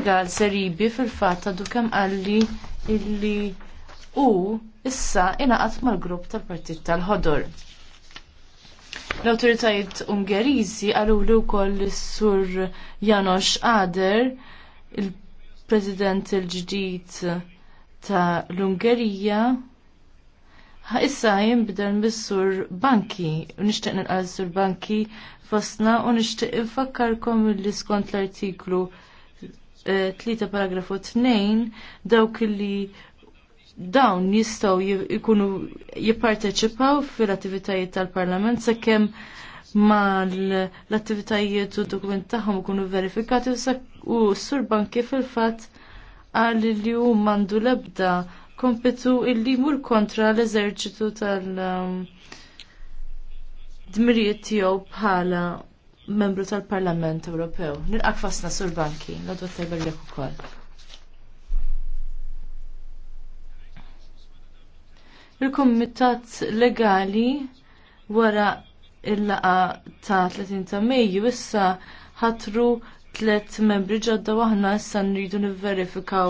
Senegal Seribi fil-fatt għadu kemm qalli illi u issa ingħaqad mal-grupp tal-Partit tal-Ħodor. L-awtoritajiet Ungeriżi għalulu wkoll is-sur Janosch Ader, il-President il-ġdid ta' l-Ungerija, issa jinbidel mis-sur Banki, u nixtieq nilqal sur Banki Fosna u nixtieq infakkarkom li skont l-artiklu 3 paragrafu 2 dawk li dawn jistaw jikunu jipparteċipaw fil-attivitajiet tal-parlament sakemm ma l-attivitajiet u dokument tagħhom ikunu verifikati u s-sur banki fil-fatt għal li u mandu lebda kompetu illi mur kontra l-eżerċitu tal- um, dmiriet tiegħu bħala membru tal-Parlament Ewropew. Nilqak fasna sur banki, l-għadu tajber lek ukoll. Il-Kumitat Legali wara il-laqa ta' 30 ta' Mejju issa ħatru tliet membri ġodda waħna issa nridu nivverifikaw